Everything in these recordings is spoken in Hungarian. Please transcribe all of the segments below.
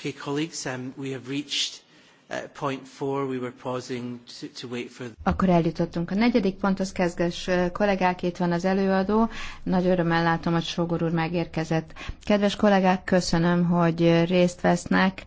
Okay, colleagues, um, we have reached uh, point four. We were pausing to, to wait for... Akkor eljutottunk a negyedik ponthoz, kezdges uh, kollégák, itt van az előadó. Nagy örömmel látom, hogy Sógor úr megérkezett. Kedves kollégák, köszönöm, hogy részt vesznek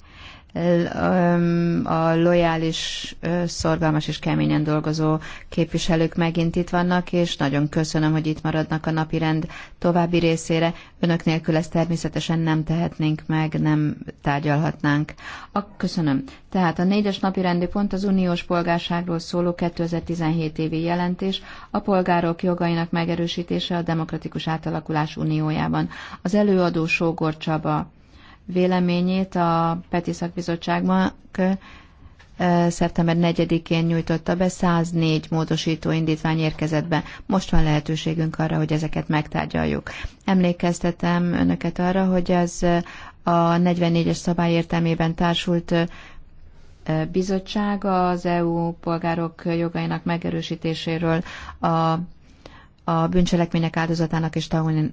a lojális, szorgalmas és keményen dolgozó képviselők megint itt vannak, és nagyon köszönöm, hogy itt maradnak a napi rend további részére. Önök nélkül ezt természetesen nem tehetnénk meg, nem tárgyalhatnánk. A, köszönöm. Tehát a négyes napi rendi pont az uniós polgárságról szóló 2017 évi jelentés, a polgárok jogainak megerősítése a demokratikus átalakulás uniójában. Az előadó Sógor Csaba véleményét a Peti Szakbizottságnak szeptember 4-én nyújtotta be, 104 módosító indítvány érkezett be. Most van lehetőségünk arra, hogy ezeket megtárgyaljuk. Emlékeztetem önöket arra, hogy ez a 44-es szabály értelmében társult bizottság az EU polgárok jogainak megerősítéséről a a bűncselekmények áldozatának és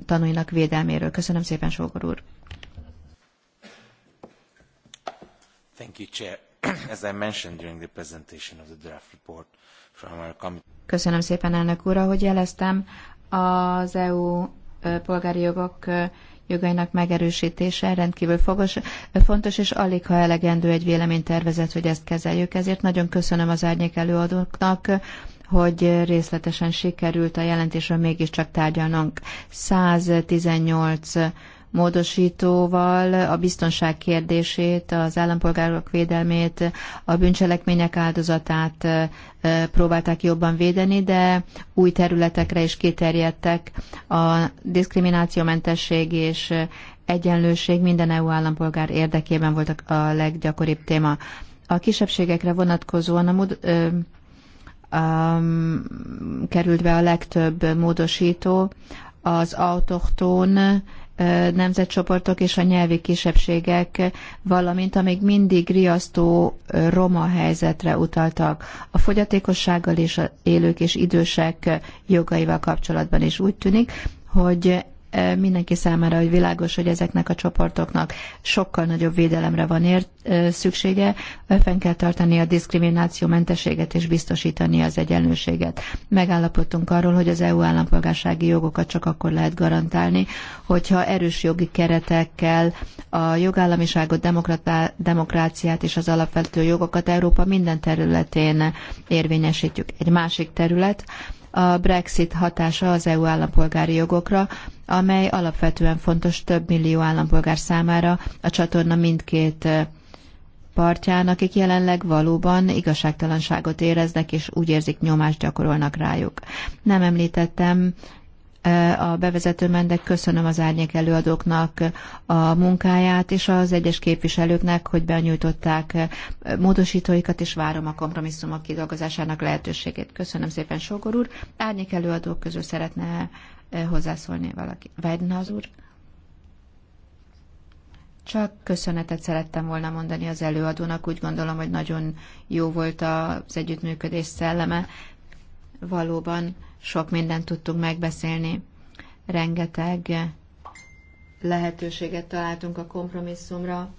tanulnak védelméről. Köszönöm szépen, Sógor úr! Köszönöm szépen, elnök úr, ahogy jeleztem, az EU polgári jogok jogainak megerősítése rendkívül fogos, fontos, és alig ha elegendő egy véleménytervezet, hogy ezt kezeljük. Ezért nagyon köszönöm az árnyék előadóknak, hogy részletesen sikerült a jelentésről mégiscsak tárgyalnunk. 118 módosítóval a biztonság kérdését, az állampolgárok védelmét, a bűncselekmények áldozatát próbálták jobban védeni, de új területekre is kiterjedtek a diszkriminációmentesség és egyenlőség minden EU állampolgár érdekében volt a leggyakoribb téma. A kisebbségekre vonatkozóan a mód, ö, ö, került be a legtöbb módosító, az autochtón nemzetcsoportok és a nyelvi kisebbségek, valamint amíg mindig riasztó roma helyzetre utaltak a fogyatékossággal és élők és idősek jogaival kapcsolatban is úgy tűnik, hogy mindenki számára, hogy világos, hogy ezeknek a csoportoknak sokkal nagyobb védelemre van ért, szüksége, fenn kell tartani a diszkrimináció mentességet és biztosítani az egyenlőséget. Megállapodtunk arról, hogy az EU állampolgársági jogokat csak akkor lehet garantálni, hogyha erős jogi keretekkel a jogállamiságot, demokráciát és az alapvető jogokat Európa minden területén érvényesítjük. Egy másik terület, a Brexit hatása az EU állampolgári jogokra, amely alapvetően fontos több millió állampolgár számára a csatorna mindkét partján, akik jelenleg valóban igazságtalanságot éreznek, és úgy érzik nyomást gyakorolnak rájuk. Nem említettem a bevezetőben, de köszönöm az árnyék előadóknak a munkáját, és az egyes képviselőknek, hogy benyújtották eh, módosítóikat, és várom a kompromisszumok kidolgozásának lehetőségét. Köszönöm szépen, Sogor úr. Árnyék előadók közül szeretne eh, hozzászólni valaki. az úr? Csak köszönetet szerettem volna mondani az előadónak, úgy gondolom, hogy nagyon jó volt az együttműködés szelleme. Valóban sok mindent tudtunk megbeszélni. Rengeteg lehetőséget találtunk a kompromisszumra,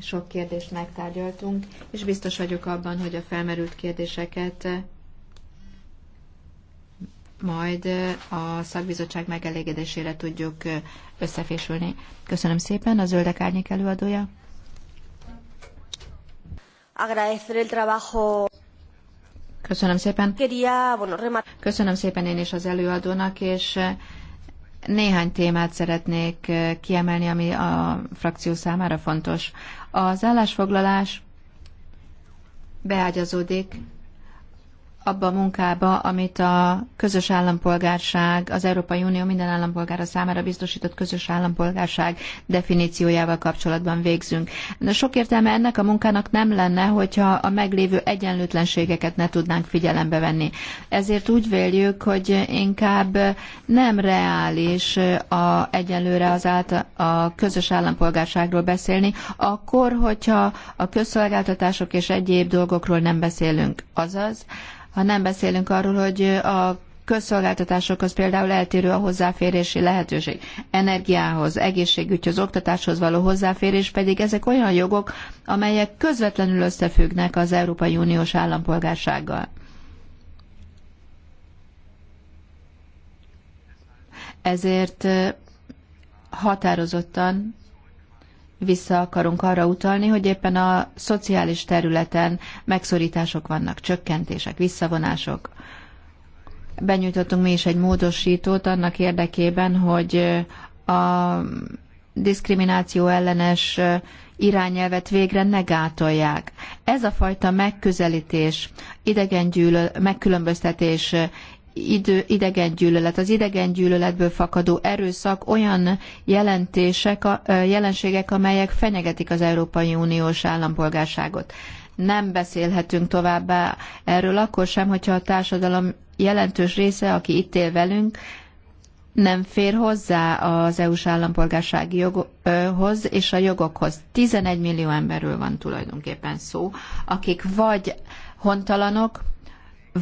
sok kérdést megtárgyaltunk, és biztos vagyok abban, hogy a felmerült kérdéseket majd a szakbizottság megelégedésére tudjuk összefésülni. Köszönöm szépen, a Zöldek Árnyék előadója. Köszönöm szépen. Köszönöm szépen én is az előadónak, és eh, néhány témát szeretnék eh, kiemelni, ami a frakció számára fontos. Az állásfoglalás beágyazódik abba a munkába, amit a közös állampolgárság, az Európai Unió minden állampolgára számára biztosított közös állampolgárság definíciójával kapcsolatban végzünk. De sok értelme ennek a munkának nem lenne, hogyha a meglévő egyenlőtlenségeket ne tudnánk figyelembe venni. Ezért úgy véljük, hogy inkább nem reális a, egyenlőre az át a közös állampolgárságról beszélni, akkor, hogyha a közszolgáltatások és egyéb dolgokról nem beszélünk. Azaz, ha nem beszélünk arról, hogy a közszolgáltatásokhoz például eltérő a hozzáférési lehetőség. Energiához, egészségügyhöz, oktatáshoz való hozzáférés pedig ezek olyan jogok, amelyek közvetlenül összefüggnek az Európai Uniós állampolgársággal. Ezért eh, határozottan vissza akarunk arra utalni, hogy éppen a szociális területen megszorítások vannak, csökkentések, visszavonások. Benyújtottunk mi is egy módosítót annak érdekében, hogy a diszkrimináció ellenes irányelvet végre ne gátolják. Ez a fajta megközelítés, idegengyűlöl, megkülönböztetés idő, idegengyűlölet, az idegengyűlöletből fakadó erőszak olyan jelentések, jelenségek, amelyek fenyegetik az Európai Uniós állampolgárságot. Nem beszélhetünk továbbá erről akkor sem, hogyha a társadalom jelentős része, aki itt él velünk, nem fér hozzá az EU-s állampolgársági joghoz és a jogokhoz. 11 millió emberről van tulajdonképpen szó, akik vagy hontalanok,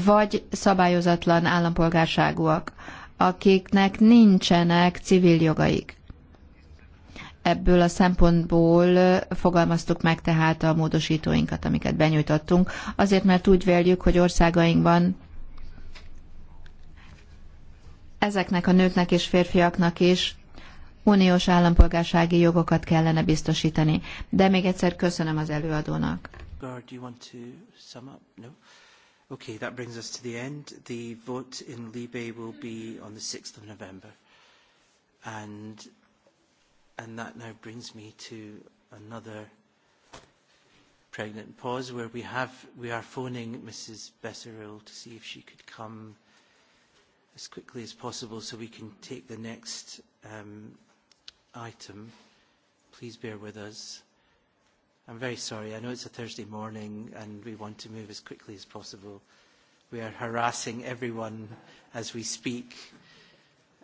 vagy szabályozatlan állampolgárságúak, akiknek nincsenek civil jogaik. Ebből a szempontból fogalmaztuk meg tehát a módosítóinkat, amiket benyújtottunk, azért mert úgy véljük, hogy országainkban ezeknek a nőknek és férfiaknak is uniós állampolgársági jogokat kellene biztosítani. De még egyszer köszönöm az előadónak. do you want to sum up? No? Okay, that brings us to the end. The vote in Libe will be on the 6th of November. And, and that now brings me to another pregnant pause where we, have, we are phoning Mrs. Besserill to see if she could come as quickly as possible so we can take the next um, item. Please bear with us. I'm very sorry. I know it's a Thursday morning and we want to move as quickly as possible. We are harassing everyone as we speak.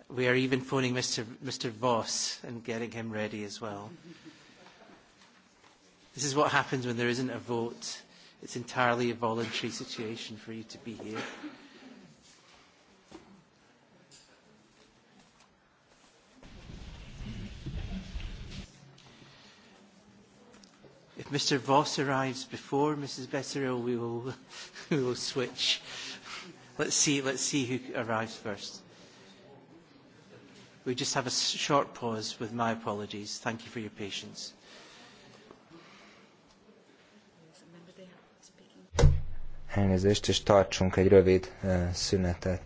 We are even phoning Mr. Mr. Voss and getting him ready as well. This is what happens when there isn't a vote. It's entirely a voluntary situation for you to be here. Mr. Voss arrives before Mrs. Besseril, we will, we will switch. Let's see, let's see who arrives first. We just have a short pause with my apologies. Thank you for your patience. Elnézést, és tartsunk egy rövid uh, szünetet.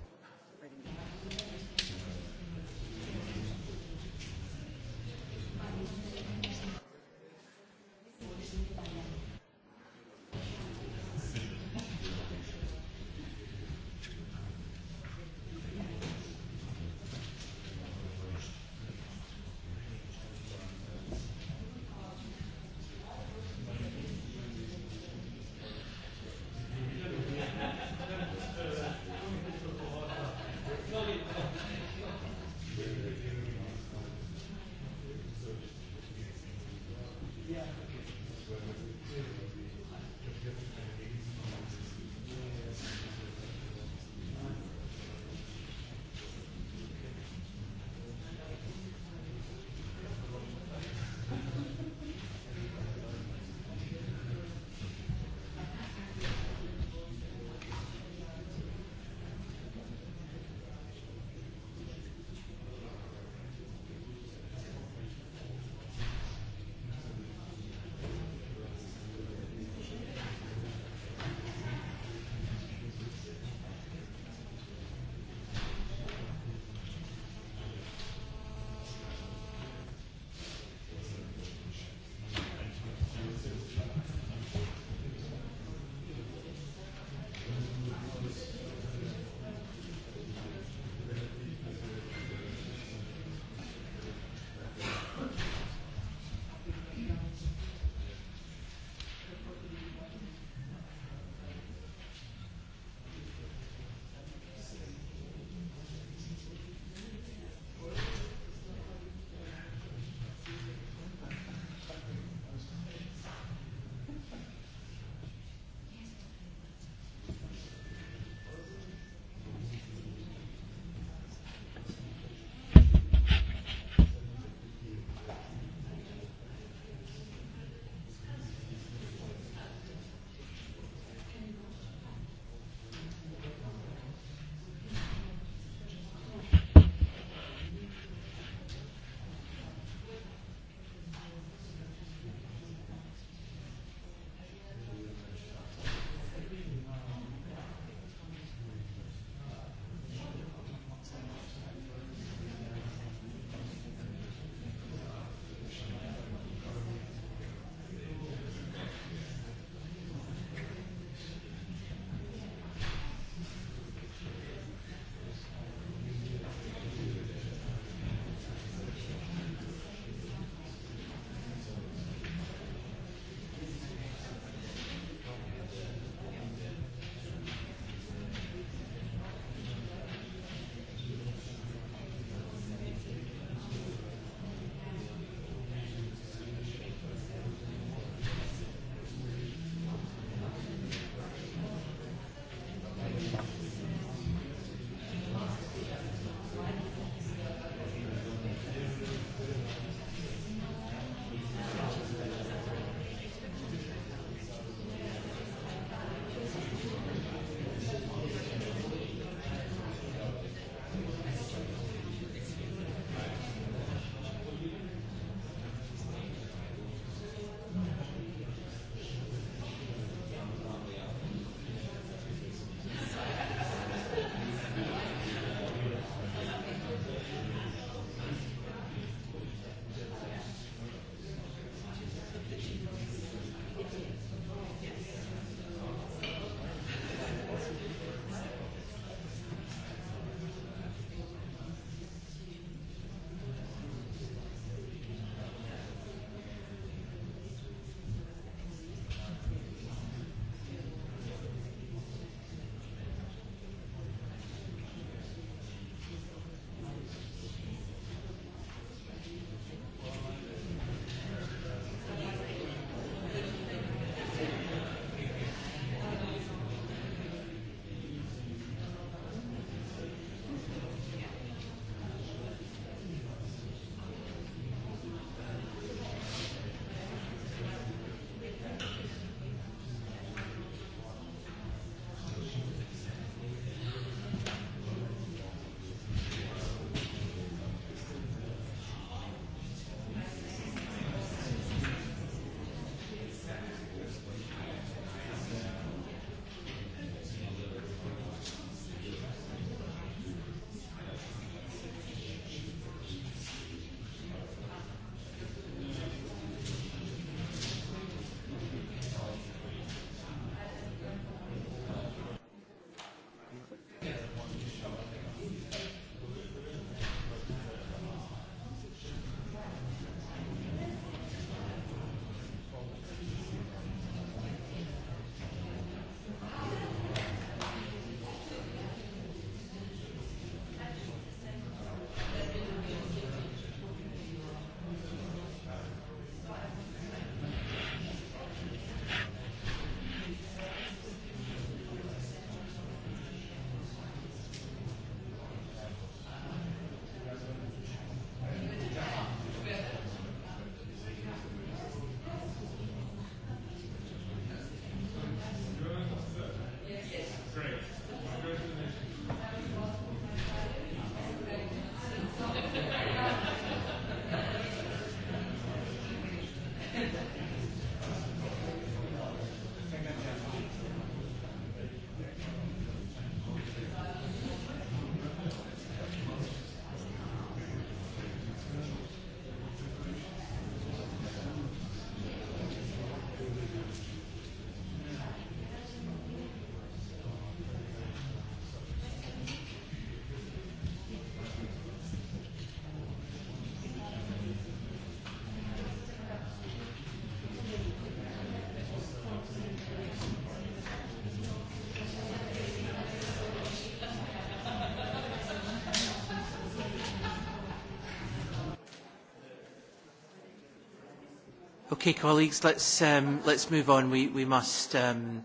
Okay, colleagues, let's, um, let's move on. We, we must um,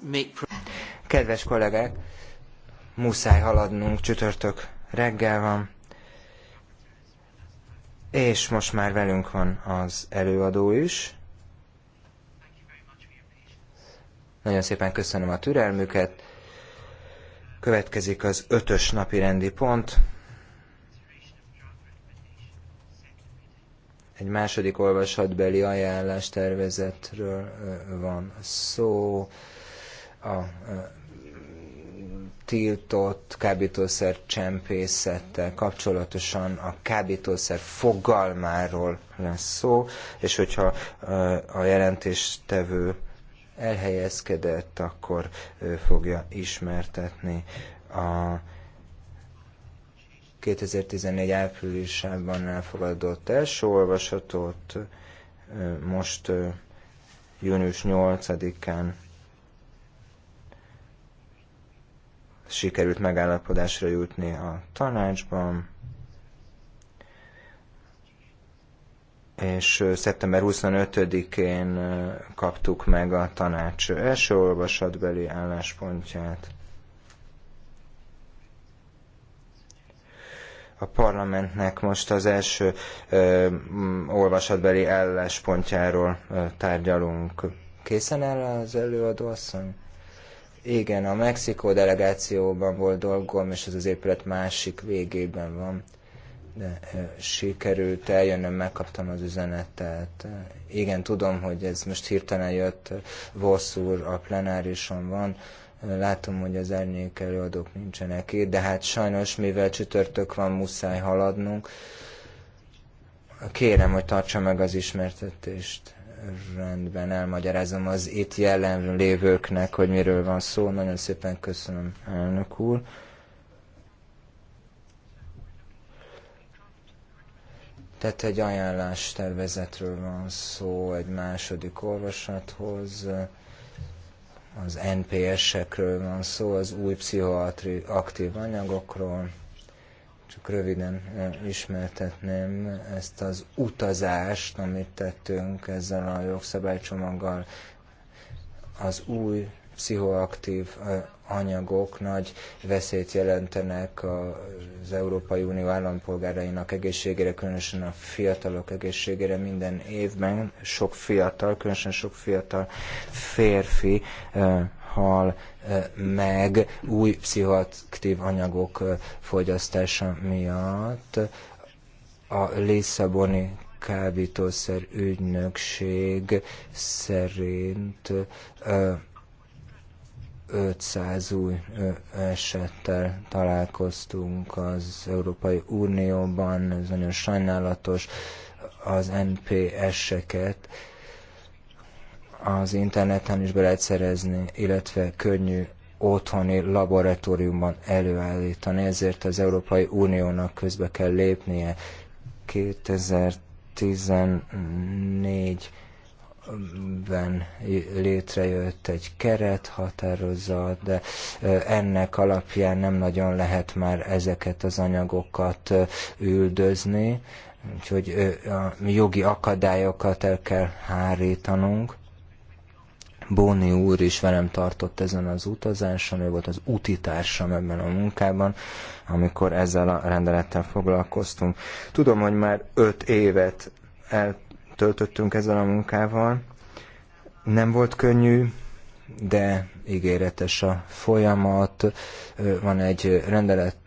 make... Kedves kollégák, muszáj haladnunk, csütörtök reggel van, és most már velünk van az előadó is. Nagyon szépen köszönöm a türelmüket. Következik az ötös napi rendi pont, egy második olvasatbeli ajánlás tervezetről van szó. A tiltott kábítószer csempészettel kapcsolatosan a kábítószer fogalmáról lesz szó, és hogyha a jelentéstevő elhelyezkedett, akkor ő fogja ismertetni a 2014 áprilisában elfogadott első olvasatot, most június 8-án sikerült megállapodásra jutni a tanácsban, és szeptember 25-én kaptuk meg a tanács első olvasatbeli álláspontját. a parlamentnek most az első ö, olvasatbeli álláspontjáról tárgyalunk. Készen erre az előadó asszony? Igen, a Mexikó delegációban volt dolgom, és ez az épület másik végében van. De ö, sikerült eljönnöm, megkaptam az üzenetet. Igen, tudom, hogy ez most hirtelen jött, Vossz úr a plenárison van. Ö, Látom, hogy az árnyék előadók nincsenek itt, de hát sajnos, mivel csütörtök van, muszáj haladnunk. Kérem, hogy tartsa meg az ismertetést. Rendben, elmagyarázom az itt jelen lévőknek, hogy miről van szó. Nagyon szépen köszönöm, elnök úr. Tehát egy ajánlás tervezetről van szó egy második olvasathoz az NPS-ekről van szó, az új pszichoaktív anyagokról. Csak röviden ismertetném ezt az utazást, amit tettünk ezzel a jogszabálycsomaggal. Az új pszichoaktív anyagok nagy veszélyt jelentenek az Európai Unió állampolgárainak egészségére, különösen a fiatalok egészségére minden évben. Sok fiatal, különösen sok fiatal férfi hal meg új pszichoaktív anyagok fogyasztása miatt. A Lisszaboni kábítószer ügynökség szerint 500 új esettel találkoztunk az Európai Unióban, ez nagyon sajnálatos, az NPS-eket az interneten is be lehet szerezni, illetve könnyű otthoni laboratóriumban előállítani, ezért az Európai Uniónak közbe kell lépnie. 2014 ben létrejött egy keret, határozat, de ennek alapján nem nagyon lehet már ezeket az anyagokat üldözni, úgyhogy a jogi akadályokat el kell hárítanunk. Bóni úr is velem tartott ezen az utazáson, ő volt az utitársam ebben a munkában, amikor ezzel a rendelettel foglalkoztunk. Tudom, hogy már öt évet el töltöttünk ezzel a munkával. Nem volt könnyű, de ígéretes a folyamat. Van egy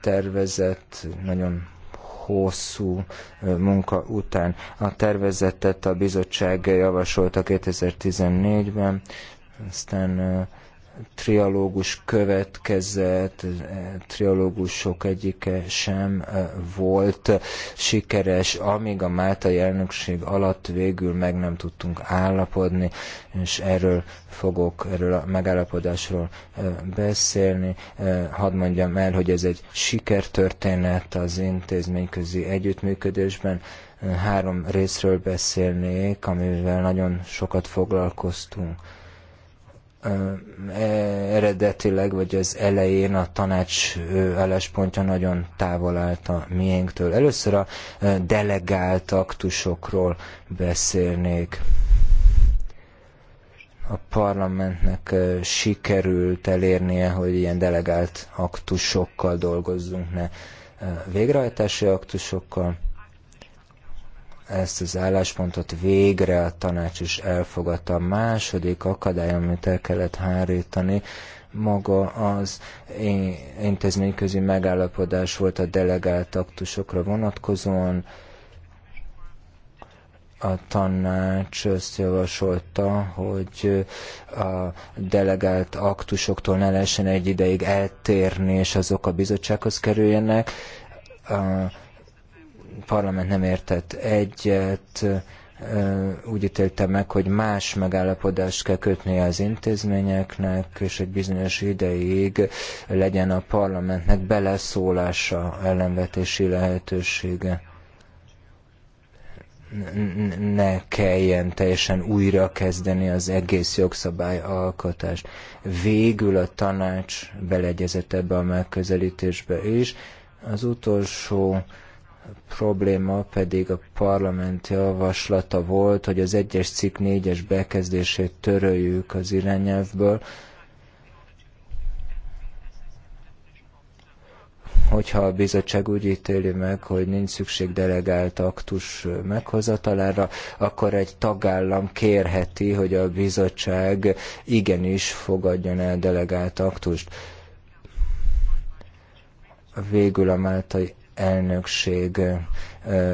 tervezett nagyon hosszú munka után. A tervezetet a bizottság javasolta 2014-ben, aztán trialógus következett, trialógusok egyike sem volt sikeres, amíg a Máltai elnökség alatt végül meg nem tudtunk állapodni, és erről fogok, erről a megállapodásról beszélni. Hadd mondjam el, hogy ez egy sikertörténet az intézményközi együttműködésben, három részről beszélnék, amivel nagyon sokat foglalkoztunk eredetileg, vagy az elején a tanács álláspontja nagyon távol állt a miénktől. Először a delegált aktusokról beszélnék. A parlamentnek sikerült elérnie, hogy ilyen delegált aktusokkal dolgozzunk, ne végrehajtási aktusokkal ezt az álláspontot végre a tanács is elfogadta. A második akadály, amit el kellett hárítani, maga az intézményközi megállapodás volt a delegált aktusokra vonatkozóan. A tanács azt javasolta, hogy a delegált aktusoktól ne lehessen egy ideig eltérni, és azok a bizottsághoz kerüljenek. A parlament nem értett egyet, úgy ítélte meg, hogy más megállapodást kell kötnie az intézményeknek, és egy bizonyos ideig legyen a parlamentnek beleszólása, ellenvetési lehetősége. Ne kelljen teljesen újra kezdeni az egész jogszabály alkotást. Végül a tanács beleegyezett ebbe a megközelítésbe is. Az utolsó probléma pedig a parlament javaslata volt, hogy az egyes cikk négyes bekezdését töröljük az irányelvből, hogyha a bizottság úgy ítéli meg, hogy nincs szükség delegált aktus meghozatalára, akkor egy tagállam kérheti, hogy a bizottság igenis fogadjon el delegált aktust. Végül a máltai elnökség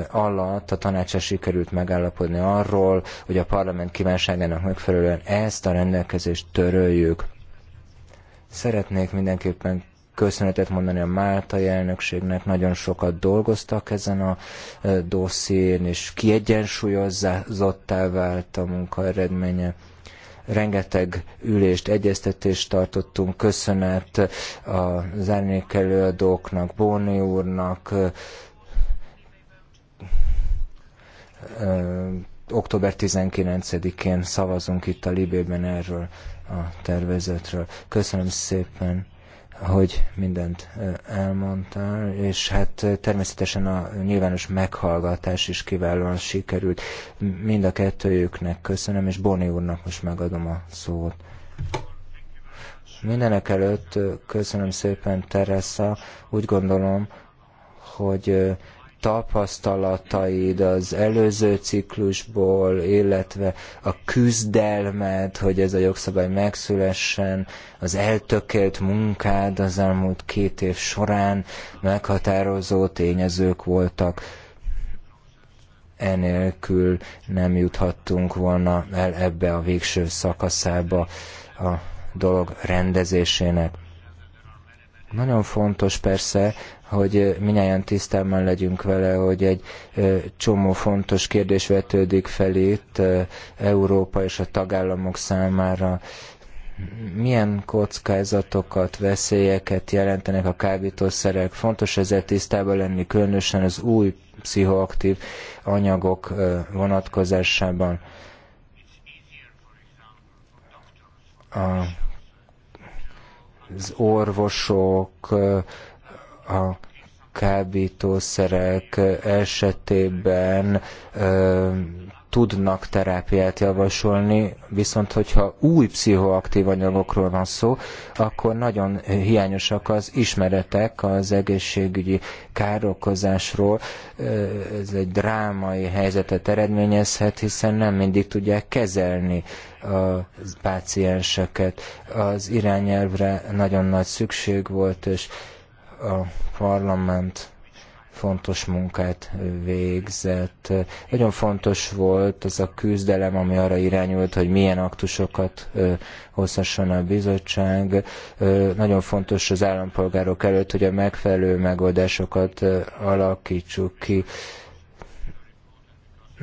alatt a tanácsa sikerült megállapodni arról, hogy a parlament kívánságának megfelelően ezt a rendelkezést töröljük. Szeretnék mindenképpen köszönetet mondani a Máltai elnökségnek, nagyon sokat dolgoztak ezen a dosszén, és kiegyensúlyozottá vált a munka eredménye rengeteg ülést, egyeztetést tartottunk, köszönet az árnyékelőadóknak, Bóni úrnak, október 19-én szavazunk itt a Libében erről a tervezetről. Köszönöm szépen hogy mindent elmondtál, és hát természetesen a nyilvános meghallgatás is kiválóan sikerült. Mind a kettőjüknek köszönöm, és Boni úrnak most megadom a szót. Mindenek előtt köszönöm szépen, Teresa. Úgy gondolom, hogy tapasztalataid az előző ciklusból, illetve a küzdelmed, hogy ez a jogszabály megszülessen, az eltökélt munkád az elmúlt két év során meghatározó tényezők voltak. Enélkül nem juthattunk volna el ebbe a végső szakaszába a dolog rendezésének. Nagyon fontos persze, hogy minél tisztában legyünk vele, hogy egy csomó fontos kérdés vetődik fel itt Európa és a tagállamok számára. Milyen kockázatokat, veszélyeket jelentenek a kábítószerek? Fontos ezzel tisztában lenni, különösen az új pszichoaktív anyagok vonatkozásában. A, az orvosok, a kábítószerek esetében ö, tudnak terápiát javasolni, viszont hogyha új pszichoaktív anyagokról van szó, akkor nagyon hiányosak az ismeretek az egészségügyi károkozásról. Ez egy drámai helyzetet eredményezhet, hiszen nem mindig tudják kezelni a pácienseket. Az irányelvre nagyon nagy szükség volt, és a parlament fontos munkát végzett. Nagyon fontos volt ez a küzdelem, ami arra irányult, hogy milyen aktusokat hozhasson a bizottság. Nagyon fontos az állampolgárok előtt, hogy a megfelelő megoldásokat alakítsuk ki.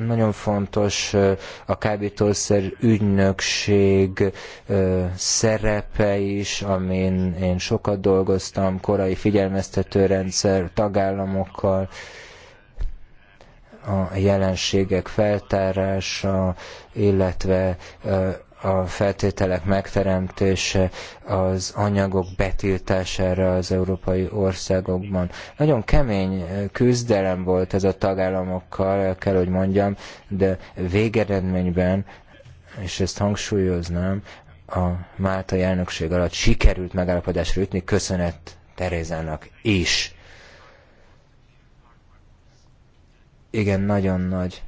Nagyon fontos a kábítószer ügynökség szerepe is, amin én sokat dolgoztam, korai figyelmeztető rendszer tagállamokkal, a jelenségek feltárása, illetve a feltételek megteremtése az anyagok betiltására az európai országokban. Nagyon kemény küzdelem volt ez a tagállamokkal, el kell, hogy mondjam, de végeredményben, és ezt hangsúlyoznám, a Máltai elnökség alatt sikerült megállapodásra jutni, köszönet Terézának is. Igen, nagyon nagy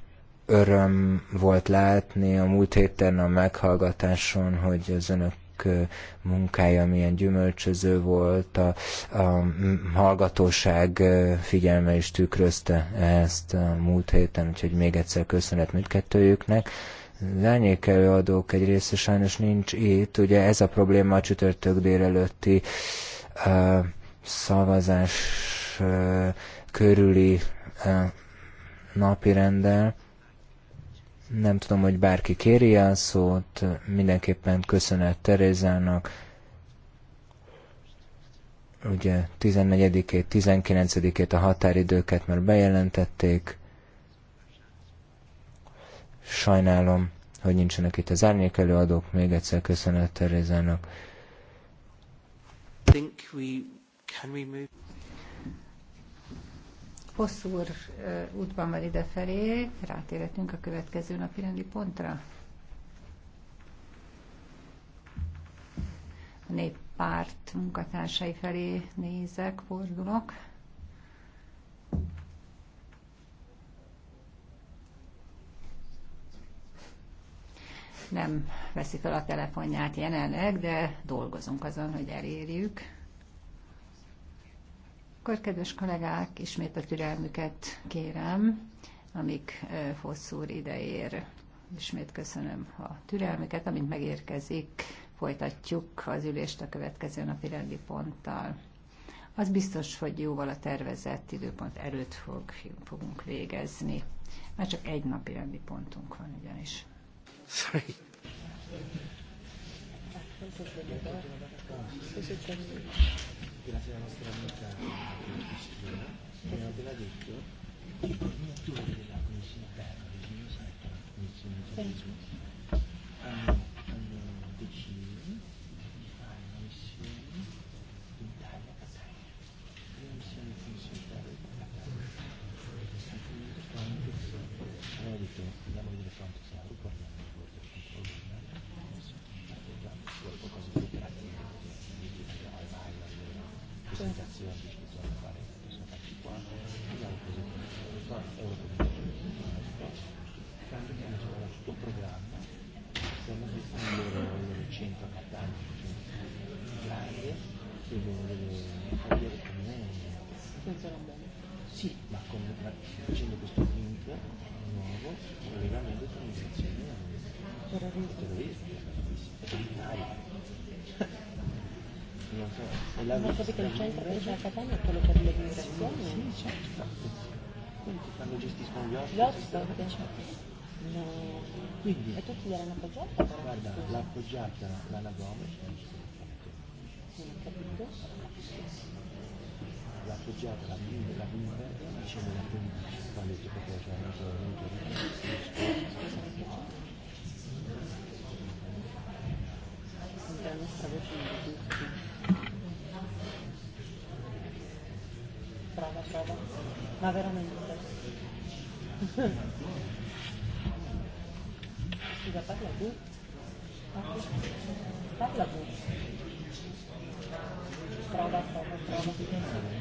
öröm volt látni a múlt héten a meghallgatáson, hogy az önök munkája milyen gyümölcsöző volt, a, a hallgatóság figyelme is tükrözte ezt a múlt héten, úgyhogy még egyszer köszönet mindkettőjüknek. Az adók egy része sajnos nincs itt, ugye ez a probléma a csütörtök délelőtti a szavazás uh, körüli napi rendel. Nem tudom, hogy bárki kéri a szót, mindenképpen köszönet Terézának. Ugye 14-ét, 19-ét a határidőket már bejelentették. Sajnálom, hogy nincsenek itt az árnyékelőadók, Még egyszer köszönet Terézának hosszú útban van idefelé, rátérhetünk a következő napi rendi pontra. A néppárt munkatársai felé nézek, fordulok. Nem veszi fel a telefonját jelenleg, de dolgozunk azon, hogy elérjük. Akkor, kedves kollégák, ismét a türelmüket kérem, amíg hosszú ideér. Ismét köszönöm a türelmüket, amint megérkezik, folytatjuk az ülést a következő napi rendi ponttal. Az biztos, hogy jóval a tervezett időpont előtt fog, fogunk végezni. Már csak egy napi rendi pontunk van ugyanis. Sorry. Köszönöm grazie alla nostra amica Cristina, che mi ha appena detto che il coordinatore della Commissione Terra, della Commissione Gesù, hanno senza l'ammonia. Sì, ma con, facendo questo link eh, nuovo, collegamento tra migrazione e terrorismo. terrorismo. Non so, e la non capito, il centro che c'è a Catania è quello per le migrazioni? Sì, certo. Quelli che fanno gestiscono gli ospiti. Gli ospiti. No. Quindi, e tutti l'hanno appoggiata? Guarda, l'ha appoggiata l'anagoma. Non ho capito la poggiata, la pinta, la pinta, diciamo la pinta, la legge che poi c'è una sola legge. La nostra versione di Brava, brava, ma veramente. Scusa, parla tu. Parla, parla tu. Brava, brava, brava.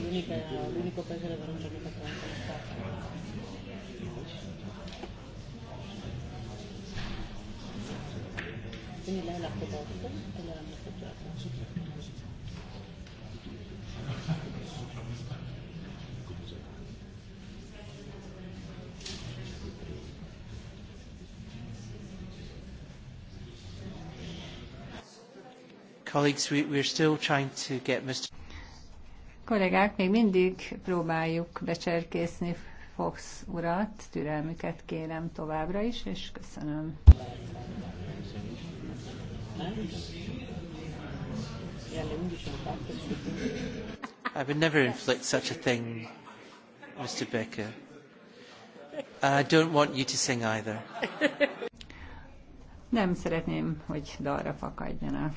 l'unica, l'unico paese dove non c'è mica tanto. Colleagues, we, we're still trying to get Mr. Kollégák, még mindig próbáljuk becserkészni Fox urat, türelmüket kérem továbbra is, és köszönöm. I would never inflict such a thing, Mr. Becker. I don't want you to sing either. Nem szeretném, hogy dalra fakadjanak.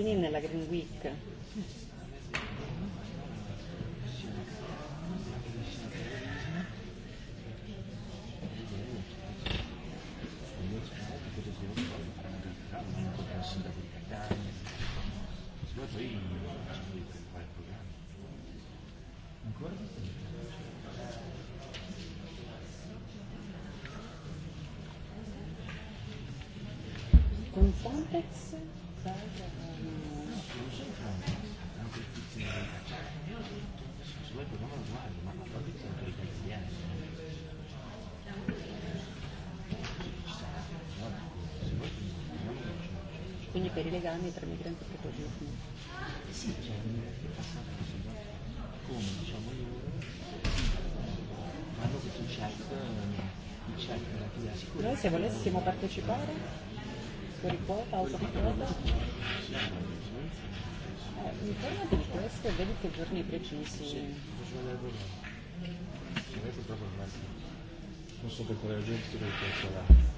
quindi nella Green Week. Con Frontex? Salve. frontiere legami tra migranti e petroliferi. Sì, c'è un passato così, come diciamo questo il sicurezza. Noi se volessimo partecipare, fuori quota, autoquota, eh, informati di questo e vedi che giorni precisi. Sì, non so per quale agente dovrei calcolare.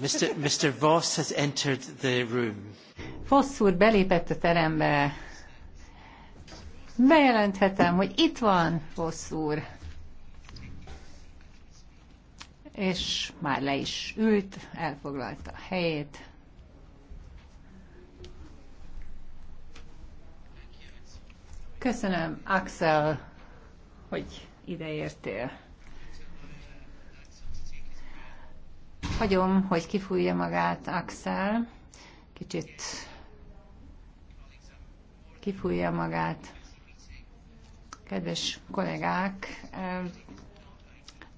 Mr. Mr. Voss has entered the room. Voss úr belépett a terembe. Bejelenthetem, hogy itt van Voss úr. És már le is ült, elfoglalta a helyét. Köszönöm, Axel, hogy ideértél. hagyom, hogy kifújja magát Axel, kicsit kifújja magát. Kedves kollégák,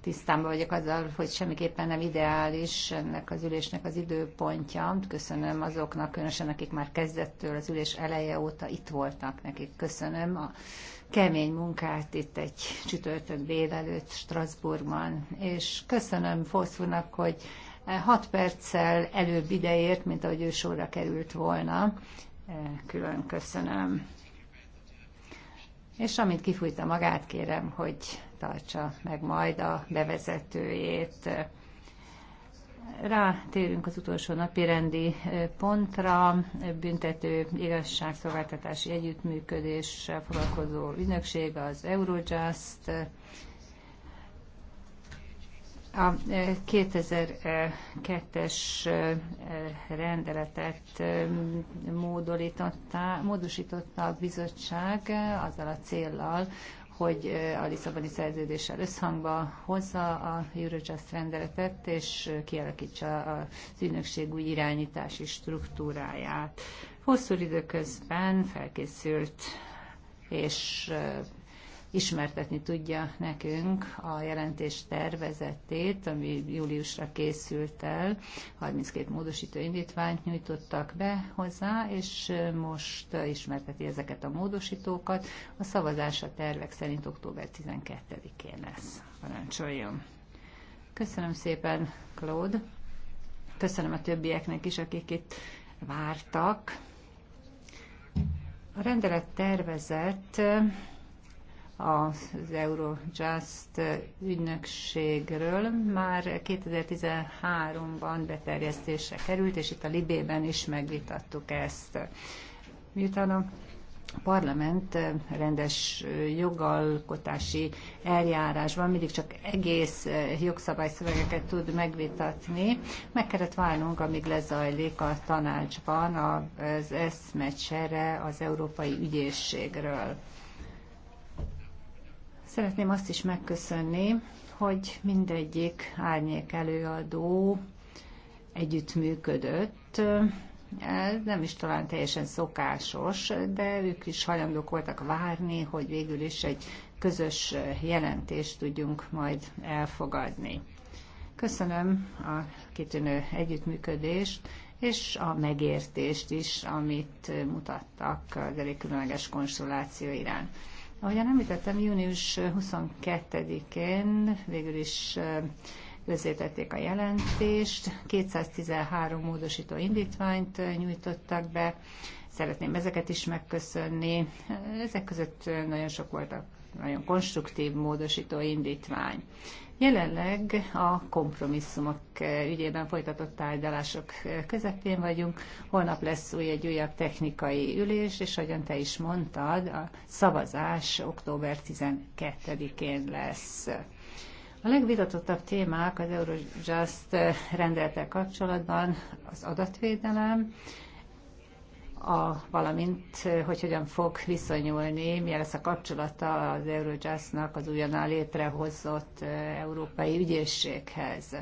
tisztában vagyok azzal, hogy semmiképpen nem ideális ennek az ülésnek az időpontja. Köszönöm azoknak, különösen akik már kezdettől az ülés eleje óta itt voltak nekik. Köszönöm a kemény munkát itt egy csütörtök délelőtt Strasbourgban, és köszönöm Foszúrnak, hogy hat perccel előbb ideért, mint ahogy ő sorra került volna. E, külön köszönöm. És amint kifújta magát, kérem, hogy tartsa meg majd a bevezetőjét. Rátérünk az utolsó napi rendi e, pontra, büntető igazságszolgáltatási együttműködés foglalkozó ügynökség, az Eurojust. A 2002-es e, e, e, rendeletet módosította a bizottság azzal a céllal, hogy a Lisszaboni szerződéssel összhangba hozza a Eurojust rendeletet, és kialakítsa az ügynökség új irányítási struktúráját. Hosszú időközben felkészült és ismertetni tudja nekünk a jelentés tervezetét, ami júliusra készült el. 32 módosító indítványt nyújtottak be hozzá, és most ismerteti ezeket a módosítókat. A szavazás a tervek szerint október 12-én lesz. Parancsoljon! Köszönöm szépen, Claude! Köszönöm a többieknek is, akik itt vártak. A rendelet tervezett az Eurojust ügynökségről már 2013-ban beterjesztésre került, és itt a Libében is megvitattuk ezt. Miután a parlament rendes jogalkotási eljárásban mindig csak egész jogszabályszövegeket tud megvitatni. Meg kellett várnunk, amíg lezajlik a tanácsban az eszmecsere az Európai Ügyészségről. Szeretném azt is megköszönni, hogy mindegyik árnyék előadó együttműködött. Ez nem is talán teljesen szokásos, de ők is hajlandók voltak várni, hogy végül is egy közös jelentést tudjunk majd elfogadni. Köszönöm a kitűnő együttműködést, és a megértést is, amit mutattak az elég különleges konstelláció iránt nem említettem, június 22-én végül is közzétették a jelentést, 213 módosító indítványt nyújtottak be, szeretném ezeket is megköszönni. Ezek között nagyon sok voltak nagyon konstruktív módosító indítvány. Jelenleg a kompromisszumok eh, ügyében folytatott tárgyalások eh, közepén vagyunk. Holnap lesz új egy újabb technikai ülés, és ahogyan te is mondtad, a szavazás október 12-én lesz. A legvitatottabb témák az Eurojust eh, rendeltel kapcsolatban az adatvédelem, a, valamint hogy hogyan fog viszonyulni, milyen lesz a kapcsolata az Eurojustnak az újonnan létrehozott eh, európai ügyészséghez.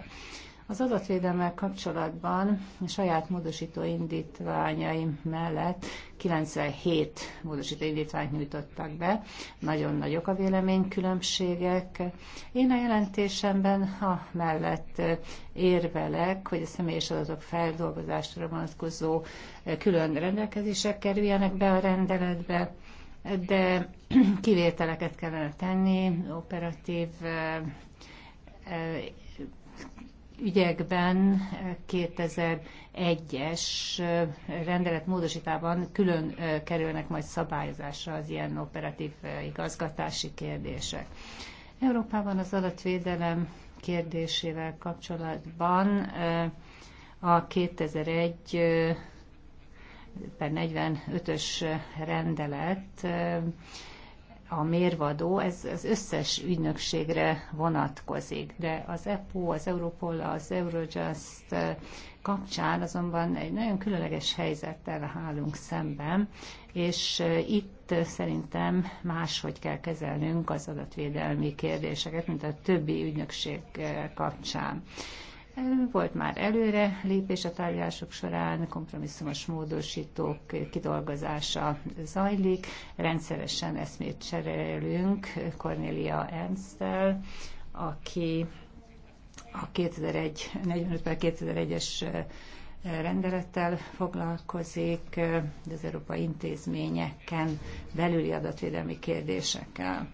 Az adatvédelmel kapcsolatban a saját módosító indítványaim mellett 97 módosító indítványt nyújtottak be. Nagyon nagyok a véleménykülönbségek. Én a jelentésemben a mellett érvelek, hogy a személyes adatok feldolgozásra vonatkozó külön rendelkezések kerüljenek be a rendeletbe de kivételeket kellene tenni, operatív ügyekben 2001-es eh, rendelet módosítában külön eh, kerülnek majd szabályozásra az ilyen operatív eh, igazgatási kérdések. Európában az adatvédelem kérdésével kapcsolatban a 2001 per 45-ös rendelet a mérvadó, ez az összes ügynökségre vonatkozik, de az EPO, az Europol, az Eurojust eh, kapcsán azonban egy nagyon különleges helyzettel állunk szemben, és eh, itt szerintem máshogy kell kezelnünk az adatvédelmi kérdéseket, mint a többi ügynökség eh, kapcsán. Volt már előre lépés a tárgyalások során, kompromisszumos módosítók kidolgozása zajlik, rendszeresen eszmét cserélünk Cornelia ernst aki a 2001, 45 2001-es rendelettel foglalkozik, eh, az európai intézményeken belüli adatvédelmi kérdésekkel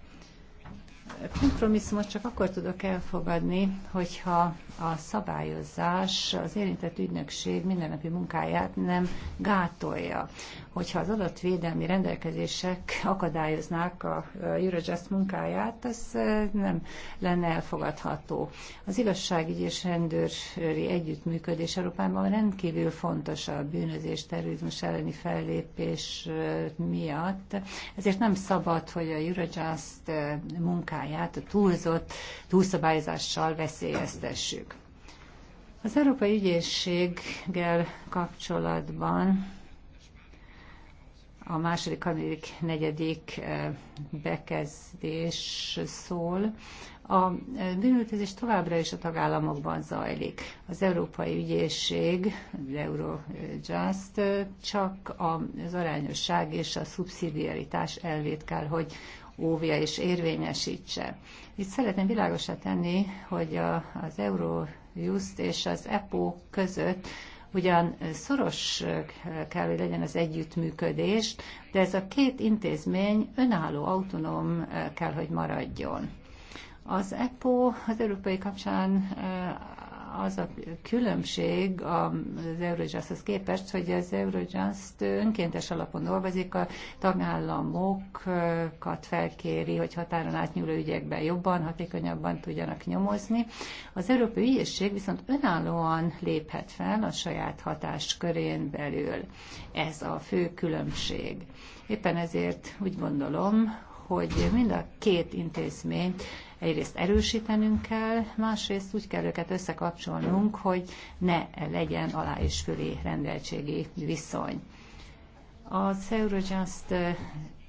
kompromisszumot csak akkor tudok elfogadni, hogyha a szabályozás az érintett ügynökség mindennapi munkáját nem gátolja. Hogyha az adatvédelmi rendelkezések akadályoznák a Eurojust munkáját, az nem lenne elfogadható. Az igazságügyi és rendőri együttműködés Európában rendkívül fontos a bűnözés terrorizmus elleni fellépés miatt, ezért nem szabad, hogy a Eurojust munkáját munkáját túlzott túlszabályozással veszélyeztessük. Az Európai Ügyészséggel kapcsolatban a második, harmadik, negyedik eh, bekezdés szól. A eh, bűnültözés továbbra is a tagállamokban zajlik. Az Európai Ügyészség, az Eurojust eh, csak az arányosság és a szubszidiaritás elvét kell, hogy óvja és érvényesítse. Itt szeretném világosra tenni, hogy a, az Eurojust és az EPO között ugyan szoros kell, hogy legyen az együttműködés, de ez a két intézmény önálló, autonóm kell, hogy maradjon. Az EPO az európai kapcsán az a különbség az Eurojust-hoz képest, hogy az Eurojust önkéntes alapon dolgozik, a tagállamokat felkéri, hogy határon átnyúló ügyekben jobban, hatékonyabban tudjanak nyomozni. Az Európai Ügyészség viszont önállóan léphet fel a saját hatáskörén belül. Ez a fő különbség. Éppen ezért úgy gondolom, hogy mind a két intézményt egyrészt erősítenünk kell, másrészt úgy kell őket összekapcsolnunk, hogy ne legyen alá és fölé rendeltségi viszony. A Eurojust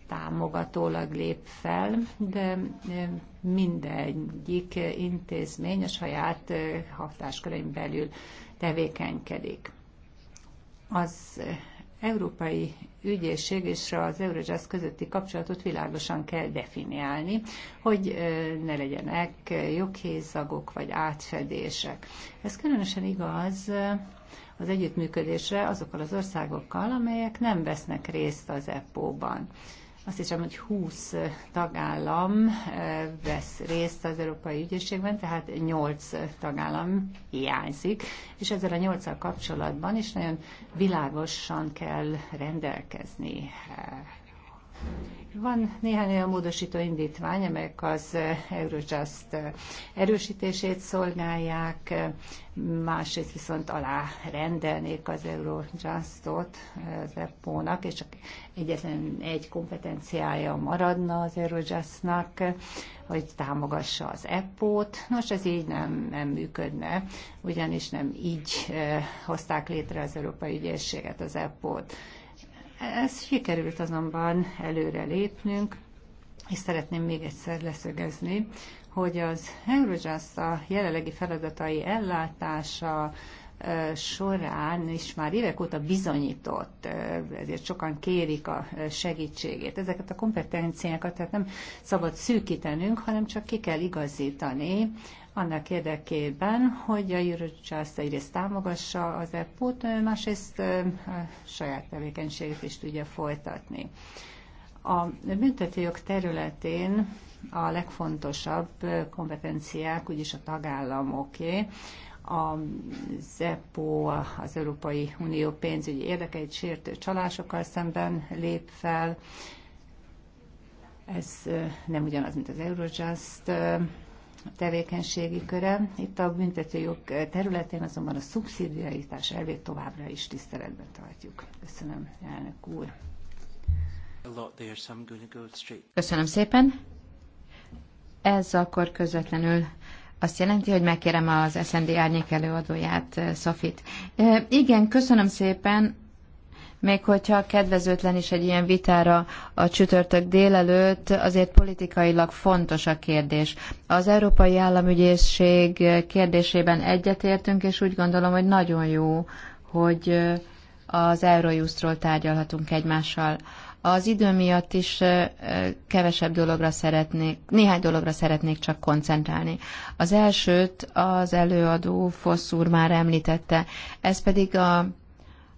támogatólag lép fel, de mindegyik intézmény a saját hatáskörén belül tevékenykedik. Az európai ügyészség és az Eurojust közötti kapcsolatot világosan kell definiálni, hogy ne legyenek joghézagok vagy átfedések. Ez különösen igaz az együttműködésre azokkal az országokkal, amelyek nem vesznek részt az EPO-ban. Azt hiszem, hogy 20 tagállam eh, vesz részt az Európai Ügyészségben, tehát 8 tagállam hiányzik, és ezzel a 8 kapcsolatban is nagyon világosan kell rendelkezni eh, van néhány olyan módosító indítvány, amelyek az eh, Eurojust eh, erősítését szolgálják, eh, másrészt viszont alá rendelnék az Eurojustot az EPO-nak, és csak egyetlen egy kompetenciája maradna az Eurojustnak, hogy támogassa az EPO-t. Nos, ez így nem, nem működne, ugyanis nem így hozták létre az Európai Ügyészséget, az EPO-t ez sikerült azonban előre lépnünk, és szeretném még egyszer leszögezni, hogy az Eurojust a jelenlegi feladatai ellátása során is már évek óta bizonyított, ezért sokan kérik a segítségét. Ezeket a kompetenciákat tehát nem szabad szűkítenünk, hanem csak ki kell igazítani annak érdekében, hogy a Eurojust egyrészt támogassa az epu t másrészt a saját tevékenységét is tudja folytatni. A büntetőjog területén a legfontosabb kompetenciák úgyis a tagállamoké, az EPO, az Európai Unió pénzügyi érdekeit sértő csalásokkal szemben lép fel. Ez nem ugyanaz, mint az Eurojust tevékenységi köre. Itt a büntetőjog területén azonban a szubszidiaritás elvét továbbra is tiszteletben tartjuk. Köszönöm, elnök úr. Köszönöm szépen. Ez akkor közvetlenül azt jelenti, hogy megkérem az SND árnyék előadóját, Szofit. Igen, köszönöm szépen még hogyha kedvezőtlen is egy ilyen vitára a csütörtök délelőtt, azért politikailag fontos a kérdés. Az Európai Államügyészség kérdésében egyetértünk, és úgy gondolom, hogy nagyon jó, hogy az Eurojustról tárgyalhatunk egymással. Az idő miatt is kevesebb dologra szeretnék, néhány dologra szeretnék csak koncentrálni. Az elsőt az előadó Fosszúr már említette, ez pedig a,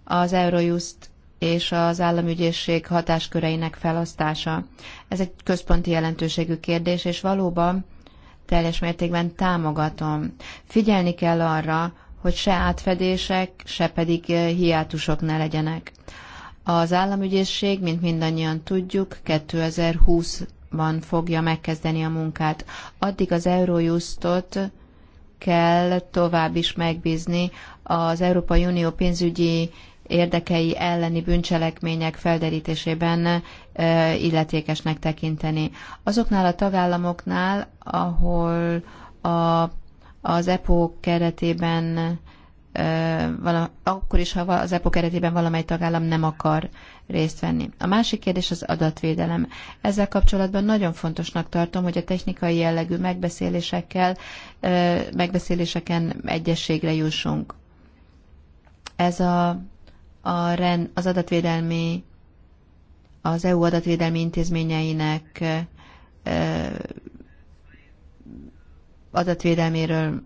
az Eurojust és az államügyészség hatásköreinek felosztása. Ez egy központi jelentőségű kérdés, és valóban teljes mértékben támogatom. Figyelni kell arra, hogy se átfedések, se pedig eh, hiátusok ne legyenek. Az államügyészség, mint mindannyian tudjuk, 2020-ban fogja megkezdeni a munkát. Addig az Eurojustot kell tovább is megbízni az Európai Unió pénzügyi érdekei elleni bűncselekmények felderítésében illetékesnek tekinteni. Azoknál a tagállamoknál, ahol a, az EPO keretében vala, akkor is, ha az EPO keretében valamely tagállam nem akar részt venni. A másik kérdés az adatvédelem. Ezzel kapcsolatban nagyon fontosnak tartom, hogy a technikai jellegű megbeszélésekkel, megbeszéléseken egyességre jussunk. Ez a a REN, az adatvédelmi, az EU adatvédelmi intézményeinek adatvédelméről,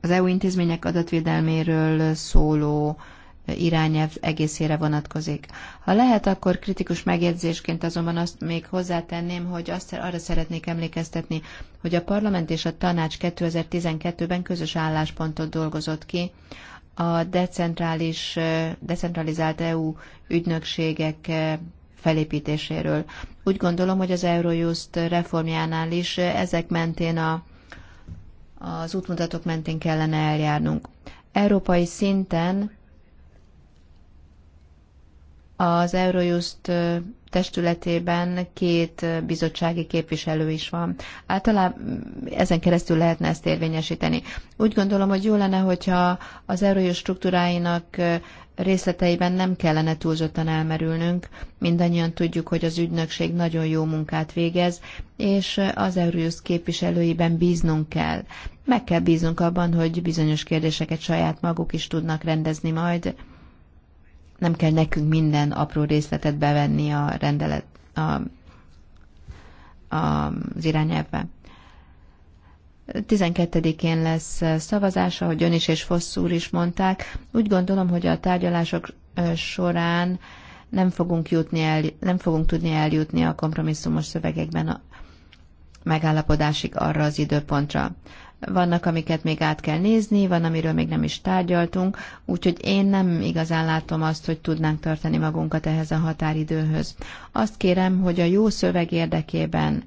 az EU intézmények adatvédelméről szóló irányelv egészére vonatkozik. Ha lehet, akkor kritikus megjegyzésként azonban azt még hozzátenném, hogy azt, arra szeretnék emlékeztetni, hogy a parlament és a tanács 2012-ben közös álláspontot dolgozott ki a decentrális, decentralizált EU ügynökségek felépítéséről. Úgy gondolom, hogy az Eurojust reformjánál is ezek mentén a, az útmutatók mentén kellene eljárnunk. Európai szinten az Eurojust testületében két bizottsági képviselő is van. Általában ezen keresztül lehetne ezt érvényesíteni. Úgy gondolom, hogy jó lenne, hogyha az Eurojust struktúráinak részleteiben nem kellene túlzottan elmerülnünk. Mindannyian tudjuk, hogy az ügynökség nagyon jó munkát végez, és az Eurojust képviselőiben bíznunk kell. Meg kell bíznunk abban, hogy bizonyos kérdéseket saját maguk is tudnak rendezni majd, nem kell nekünk minden apró részletet bevenni a rendelet, a, a, az irányelvbe. 12-én lesz szavazása, ahogy ön is és Fossz úr is mondták. Úgy gondolom, hogy a tárgyalások során nem fogunk, jutni el, nem fogunk tudni eljutni a kompromisszumos szövegekben megállapodásig arra az időpontra. Vannak, amiket még át kell nézni, van, amiről még nem is tárgyaltunk, úgyhogy én nem igazán látom azt, hogy tudnánk tartani magunkat ehhez a határidőhöz. Azt kérem, hogy a jó szöveg érdekében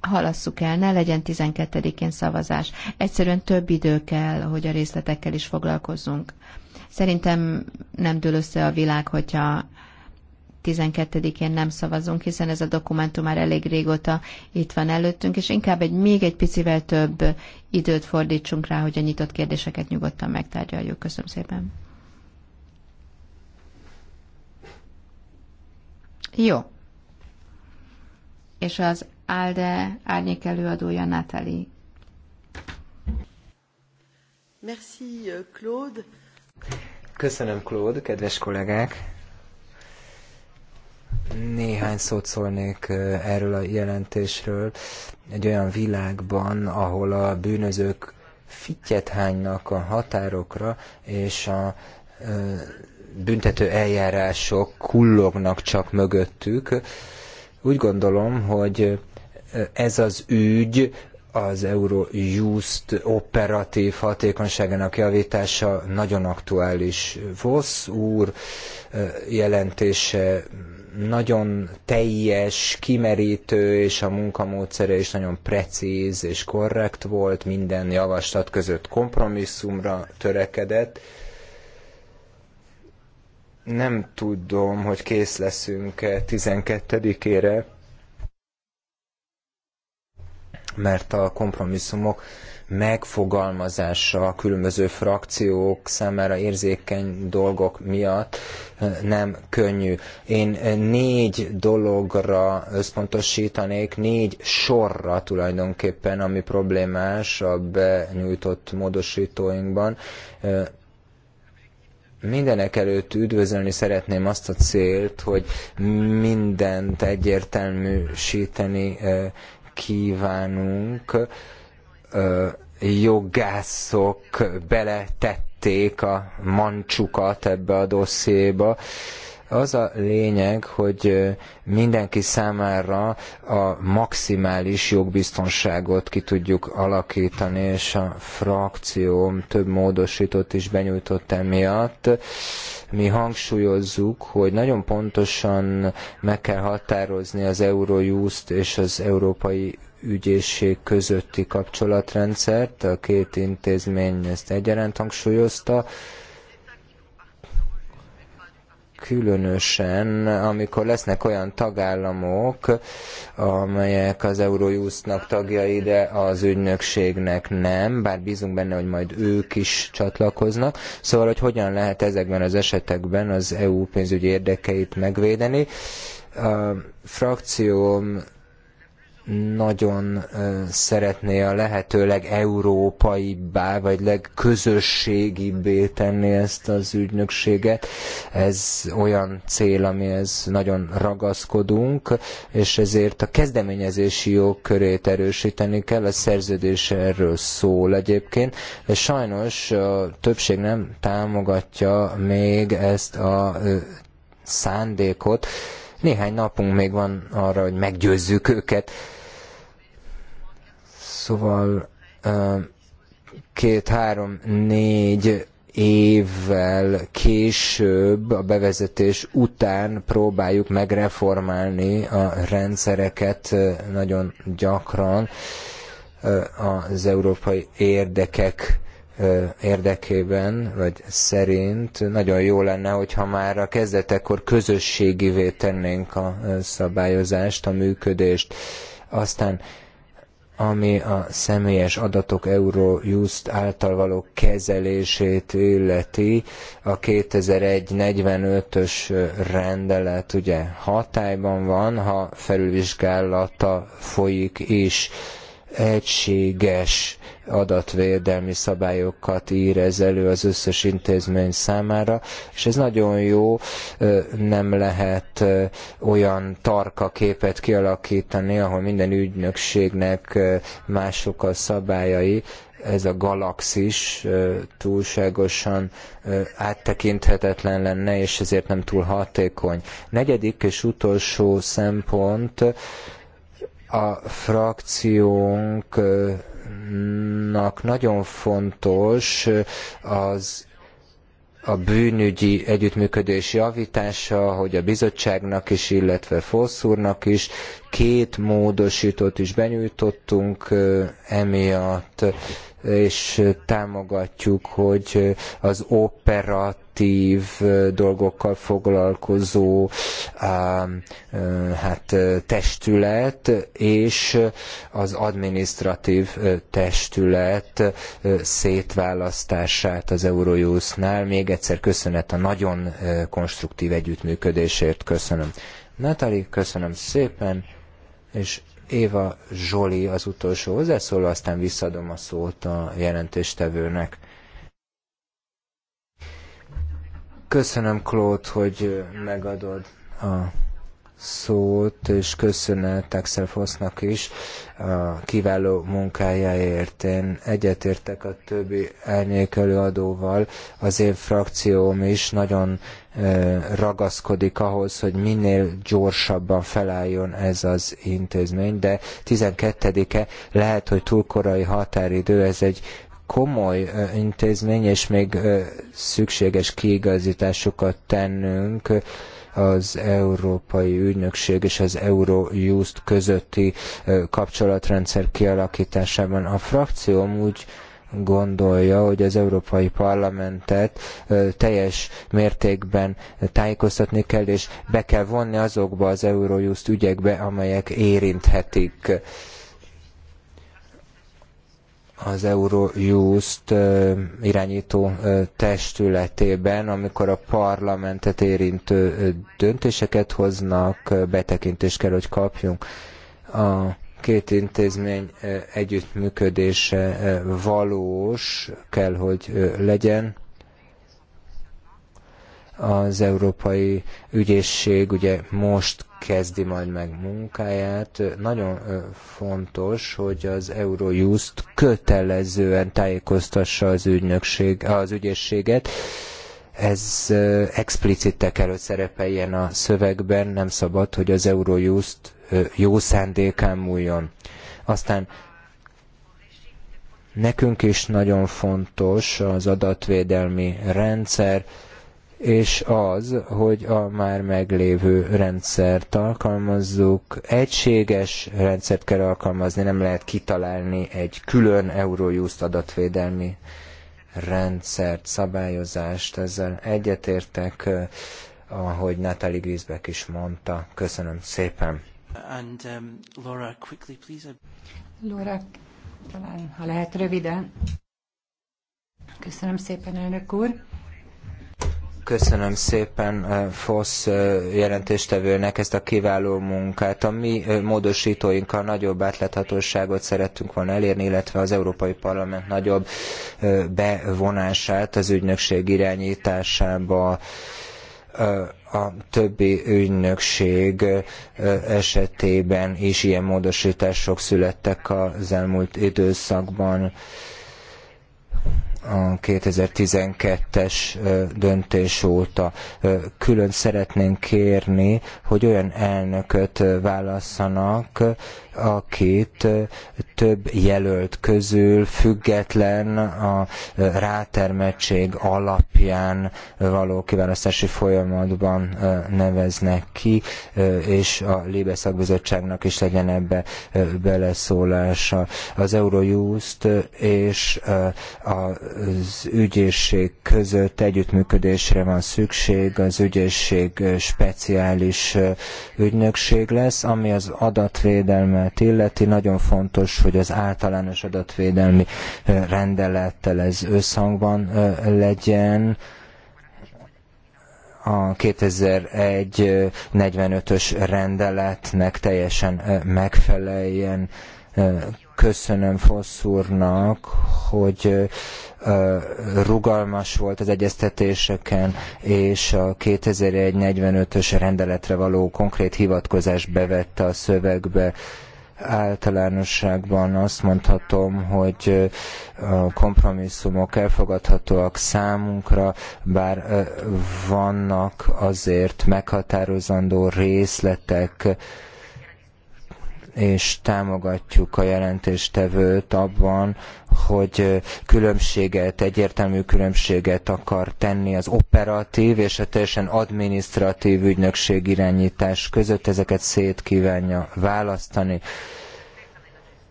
halasszuk el, ne legyen 12-én szavazás. Egyszerűen több idő kell, hogy a részletekkel is foglalkozzunk. Szerintem nem dől össze a világ, hogyha 12-én nem szavazunk, hiszen ez a dokumentum már elég régóta itt van előttünk, és inkább egy még egy picivel több időt fordítsunk rá, hogy a nyitott kérdéseket nyugodtan megtárgyaljuk. Köszönöm szépen. Jó. És az Alde árnyék előadója Natali? Merci, Claude. Köszönöm, Claude, kedves kollégák! Néhány szót szólnék erről a jelentésről. Egy olyan világban, ahol a bűnözők fittyet hánynak a határokra, és a büntető eljárások kullognak csak mögöttük. Úgy gondolom, hogy ez az ügy az Eurojust operatív hatékonyságának javítása nagyon aktuális. Vossz úr jelentése nagyon teljes, kimerítő, és a munkamódszere is nagyon precíz és korrekt volt, minden javaslat között kompromisszumra törekedett. Nem tudom, hogy kész leszünk 12-ére, mert a kompromisszumok megfogalmazása a különböző frakciók számára érzékeny dolgok miatt nem könnyű. Én négy dologra összpontosítanék, négy sorra tulajdonképpen, ami problémás a benyújtott módosítóinkban. Mindenek előtt üdvözölni szeretném azt a célt, hogy mindent egyértelműsíteni kívánunk jogászok beletették a mancsukat ebbe a dossziéba. Az a lényeg, hogy mindenki számára a maximális jogbiztonságot ki tudjuk alakítani, és a frakcióm több módosított is benyújtott emiatt. Mi hangsúlyozzuk, hogy nagyon pontosan meg kell határozni az Eurojust és az Európai ügyészség közötti kapcsolatrendszert, a két intézmény ezt egyaránt hangsúlyozta, különösen, amikor lesznek olyan tagállamok, amelyek az Eurojustnak tagjai, de az ügynökségnek nem, bár bízunk benne, hogy majd ők is csatlakoznak. Szóval, hogy hogyan lehet ezekben az esetekben az EU pénzügyi érdekeit megvédeni. A frakcióm nagyon szeretné a lehető legeurópaibbá, vagy legközösségibbé tenni ezt az ügynökséget. Ez olyan cél, amihez nagyon ragaszkodunk, és ezért a kezdeményezési jogkörét erősíteni kell, a szerződés erről szól egyébként, de sajnos a többség nem támogatja még ezt a szándékot, néhány napunk még van arra, hogy meggyőzzük őket. Szóval két, három, négy évvel később, a bevezetés után próbáljuk megreformálni a rendszereket nagyon gyakran az európai érdekek érdekében, vagy szerint nagyon jó lenne, hogyha már a kezdetekor közösségivé tennénk a szabályozást, a működést. Aztán ami a személyes adatok Eurojust által való kezelését illeti, a 2001-45-ös rendelet ugye hatályban van, ha felülvizsgálata folyik is egységes adatvédelmi szabályokat ír ez elő az összes intézmény számára, és ez nagyon jó, nem lehet olyan tarka képet kialakítani, ahol minden ügynökségnek mások a szabályai, ez a galaxis túlságosan áttekinthetetlen lenne, és ezért nem túl hatékony. Negyedik és utolsó szempont, a frakciónknak nagyon fontos az a bűnügyi együttműködés javítása, hogy a bizottságnak is, illetve Fossz úrnak is két módosítót is benyújtottunk emiatt és támogatjuk, hogy az operatív dolgokkal foglalkozó hát, testület és az administratív testület szétválasztását az Eurojustnál. Még egyszer köszönet a nagyon konstruktív együttműködésért. Köszönöm. Natali, köszönöm szépen, és Éva Zsoli az utolsó hozzászóló, aztán visszadom a szót a jelentéstevőnek. Köszönöm, Klót, hogy megadod a szót, és köszönet Axel Fosznak is a kiváló munkájáért. Én egyetértek a többi elnyékelő adóval. Az én frakcióm is nagyon ragaszkodik ahhoz, hogy minél gyorsabban felálljon ez az intézmény, de 12-e lehet, hogy túl korai határidő, ez egy komoly intézmény, és még szükséges kiigazításokat tennünk az Európai Ügynökség és az Eurojust közötti kapcsolatrendszer kialakításában. A frakcióm úgy gondolja, hogy az Európai Parlamentet teljes mértékben tájékoztatni kell, és be kell vonni azokba az Eurojust ügyekbe, amelyek érinthetik az Eurojust irányító testületében, amikor a parlamentet érintő döntéseket hoznak, betekintést kell, hogy kapjunk. A két intézmény együttműködése valós kell, hogy legyen. Az Európai Ügyészség ugye most kezdi majd meg munkáját. Nagyon fontos, hogy az Eurojust kötelezően tájékoztassa az ügynökség, az ügyészséget. Ez explicite kell, hogy szerepeljen a szövegben, nem szabad, hogy az Eurojust jó szándékán múljon. Aztán nekünk is nagyon fontos az adatvédelmi rendszer, és az, hogy a már meglévő rendszert alkalmazzuk. Egységes rendszert kell alkalmazni, nem lehet kitalálni egy külön Eurojust adatvédelmi rendszert, szabályozást, ezzel egyetértek, eh, ahogy Natalie Griesbeck is mondta. Köszönöm szépen. And, um, Laura, quickly, please. Laura, talán, ha lehet röviden. Köszönöm szépen, elnök úr. Köszönöm szépen eh, FOSZ eh, jelentéstevőnek ezt a kiváló munkát. A mi eh, módosítóinkkal nagyobb átláthatóságot szerettünk volna elérni, illetve az Európai Parlament nagyobb bevonását az ügynökség irányításába a többi ügynökség esetében is ilyen módosítások születtek az elmúlt időszakban a 2012-es döntés óta. Külön szeretnénk kérni, hogy olyan elnököt válasszanak, akit több jelölt közül független a rátermettség alapján való kiválasztási folyamatban neveznek ki, és a Libe szakbizottságnak is legyen ebbe beleszólása. Az Eurojust és az ügyészség között együttműködésre van szükség, az ügyészség speciális ügynökség lesz, ami az adatvédelmet védelmet illeti, nagyon fontos, hogy az általános adatvédelmi rendelettel ez összhangban legyen a 2001 45-ös rendeletnek teljesen megfeleljen. Köszönöm Fossz úrnak, hogy rugalmas volt az egyeztetéseken, és a 2001-45-ös rendeletre való konkrét hivatkozás bevette a szövegbe Általánosságban azt mondhatom, hogy a kompromisszumok elfogadhatóak számunkra, bár vannak azért meghatározandó részletek, és támogatjuk a jelentéstevőt abban, hogy különbséget, egyértelmű különbséget akar tenni az operatív és a teljesen adminisztratív ügynökség irányítás között, ezeket szét kívánja választani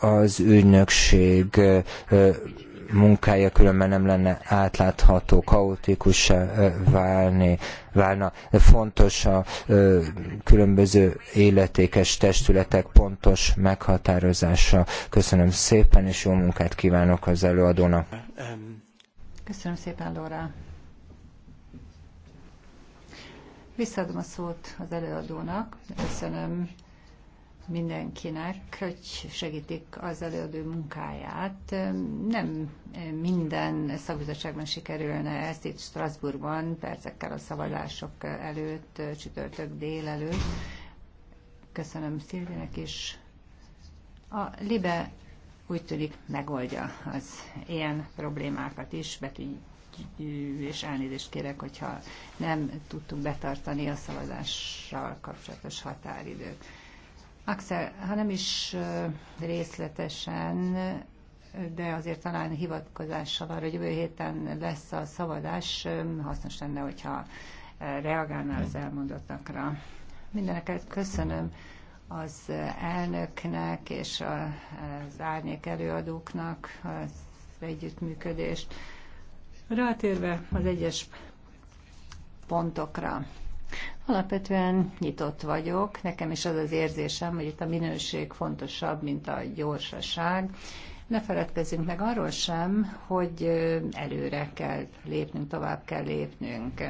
az ügynökség munkája különben nem lenne átlátható, kaotikus válni, válna. Fontos a különböző életékes testületek pontos meghatározása. Köszönöm szépen, és jó munkát kívánok az előadónak. Köszönöm szépen, Lóra. Visszaadom a szót az előadónak. Köszönöm mindenkinek, hogy segítik az előadó munkáját. Nem minden szakbizottságban sikerülne ezt itt Strasbourgban, percekkel a szavazások előtt, csütörtök délelőtt. Köszönöm Szilvének is. A Libe úgy tűnik megoldja az ilyen problémákat is, betű és elnézést kérek, hogyha nem tudtuk betartani a szavazással kapcsolatos határidőt. Axel, ha nem is részletesen, de azért talán hivatkozással arra, hogy jövő héten lesz a szavazás, hasznos lenne, hogyha reagálnál az elmondottakra. Mindeneket köszönöm az elnöknek és az árnyék előadóknak az együttműködést. Rátérve az egyes pontokra. Alapvetően nyitott vagyok, nekem is az az érzésem, hogy itt a minőség fontosabb, mint a gyorsaság. Ne feledkezzünk meg arról sem, hogy előre kell lépnünk, tovább kell lépnünk.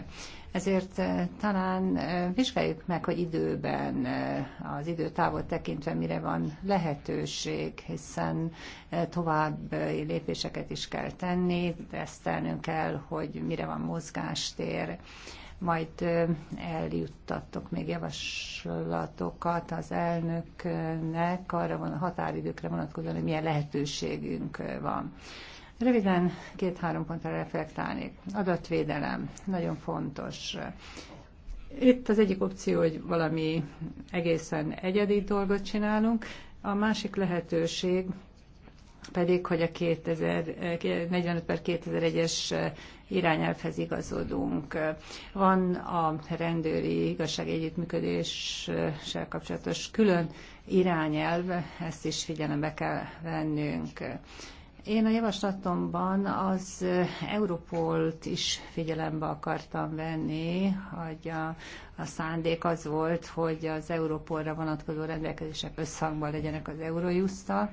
Ezért talán vizsgáljuk meg, hogy időben, az időtávot tekintve mire van lehetőség, hiszen tovább lépéseket is kell tenni, tesztelnünk kell, hogy mire van mozgástér majd eljuttattok még javaslatokat az elnöknek arra van a határidőkre vonatkozóan, hogy milyen lehetőségünk van. Röviden két-három pontra reflektálnék. Adatvédelem, nagyon fontos. Itt az egyik opció, hogy valami egészen egyedi dolgot csinálunk, a másik lehetőség, pedig, hogy a 2000, 45 eh, per 2001-es eh, irányelvhez igazodunk. Van a rendőri igazság együttműködéssel kapcsolatos külön irányelv, ezt is figyelembe kell vennünk. Én a javaslatomban az eh, Európolt is figyelembe akartam venni, hogy a, a szándék az volt, hogy az Európolra vonatkozó rendelkezések összhangban legyenek az Eurojuszta,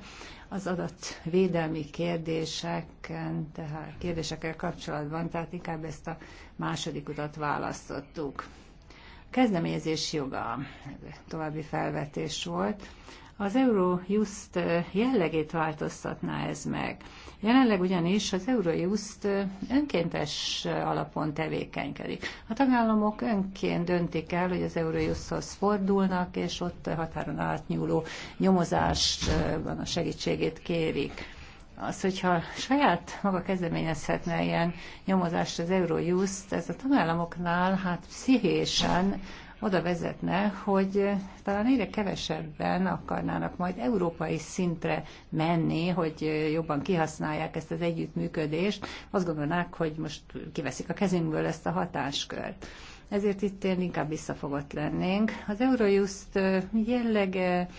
az adatvédelmi kérdéseken, tehát kérdésekkel kapcsolatban, tehát inkább ezt a második utat választottuk. kezdeményezés joga, további felvetés volt. Az Eurojust jellegét változtatná ez meg. Jelenleg ugyanis az Eurojust önkéntes alapon tevékenykedik. A tagállamok önként döntik el, hogy az Eurojusthoz fordulnak, és ott határon átnyúló nyomozásban a segítségét kérik az, hogyha saját maga kezdeményezhetne ilyen nyomozást az Eurojust, ez a tagállamoknál hát pszichésen oda vezetne, hogy talán egyre kevesebben akarnának majd európai szintre menni, hogy jobban kihasználják ezt az együttműködést. Azt gondolnák, hogy most kiveszik a kezünkből ezt a hatáskört ezért itt én inkább visszafogott lennénk. Az Eurojust jellege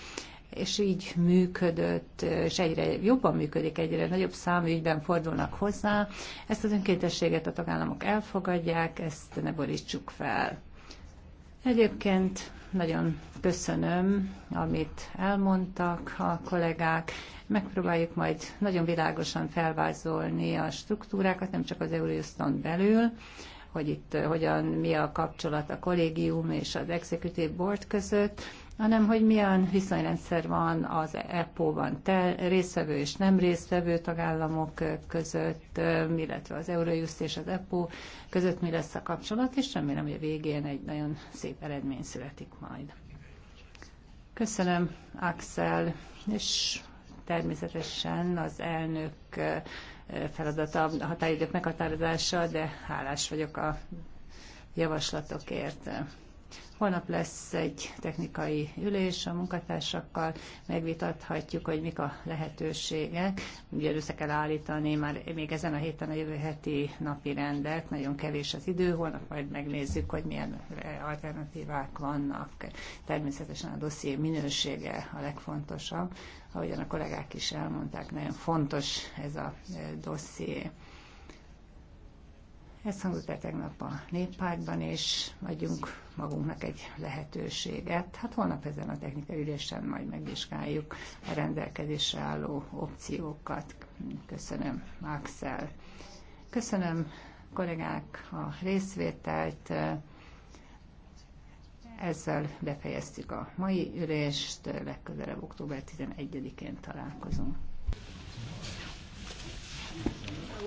és így működött, és egyre jobban működik, egyre nagyobb számú ügyben fordulnak hozzá. Ezt az önkéntességet a tagállamok elfogadják, ezt ne borítsuk fel. Egyébként nagyon köszönöm, amit elmondtak a kollégák. Megpróbáljuk majd nagyon világosan felvázolni a struktúrákat, nem csak az Euroston belül, hogy itt eh, hogyan, mi a kapcsolat a kollégium és az executive board között, hanem hogy milyen viszonyrendszer van az EPO-ban részvevő és nem résztvevő tagállamok között, illetve az Eurojust és az EPO között mi lesz a kapcsolat, és remélem, hogy a végén egy nagyon szép eredmény születik majd. Köszönöm, Axel, és természetesen az elnök feladata a határidők meghatározása, de hálás vagyok a javaslatokért. Holnap lesz egy technikai ülés a munkatársakkal, megvitathatjuk, hogy mik a lehetőségek. Ugye össze kell állítani már még ezen a héten a jövő heti napi rendet, nagyon kevés az idő, holnap majd megnézzük, hogy milyen alternatívák vannak. Természetesen a dosszié minősége a legfontosabb, ahogyan a kollégák is elmondták, nagyon fontos ez a eh, dosszié. Ez hangzott el tegnap a néppártban, és adjunk magunknak egy lehetőséget. Hát holnap ezen a technikai ülésen majd megvizsgáljuk a rendelkezésre álló opciókat. Köszönöm, Axel. Köszönöm, kollégák, a részvételt. Ezzel befejeztük a mai ülést, legközelebb október 11-én találkozunk.